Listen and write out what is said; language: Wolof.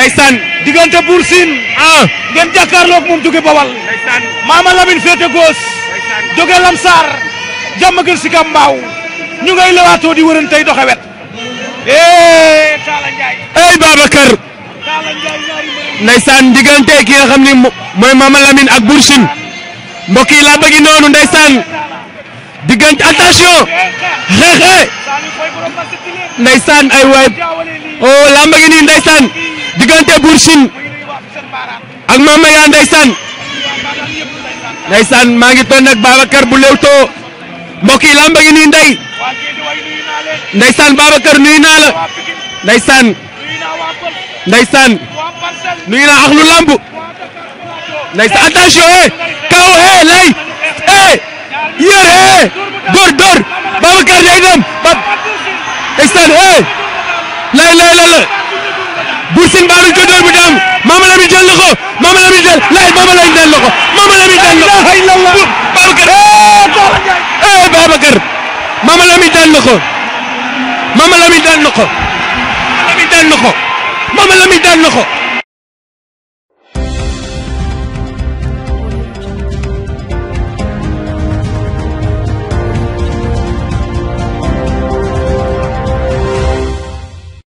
Naisan digante Bursin, Sine ah ngeen jàkkaarloog moom Bawal Mama Lamine féete góos jóge lamsar jam gën si kam ñu ngay lewaatoo di wërën tey wet eh Talla Ndiaye ey Babacar ki nga Mama Lamine ak Bursin. Sine mbokk bëgg noonu ndeysaan diggante attention xeexe ay oh laa bëgg diggante Bour ak Mama Yaa ndeysaan ndeysaan maa ngi toon ak bu Leewtoo mbokk lamba ngi nii ndey ndeysaan Babacar nuyu naa la ndeysaan ndeysaan nuyu naa ak lu lamb ndeysaan attention eh kaw eh lay eh yër eh dóor dóor Babacar day dem ba ndeysaan eh lay lay lay Bour Sine Baaruñ ko dóor bu daanu Mama Lamine jël na ko Mama Lamine jël laay Mama Lamine jël na ko Mama Lamine jël na ko eh, Babacar eh Babacar Mama Lamine jël na ko Mama Lamine jël na ko Mama Lamine jël na ko